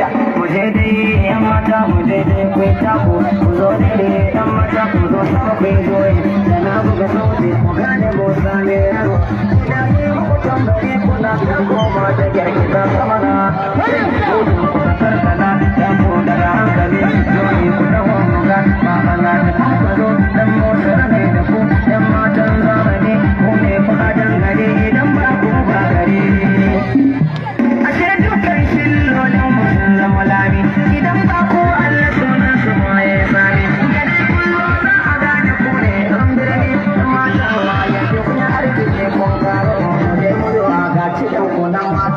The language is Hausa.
lafiya ku je dai yan mata ku je dai ku yi tako ku zo dai yan mata ku zo sama ku yi da na buga sauti ku gane bosa ne yaro idan ne ku da sama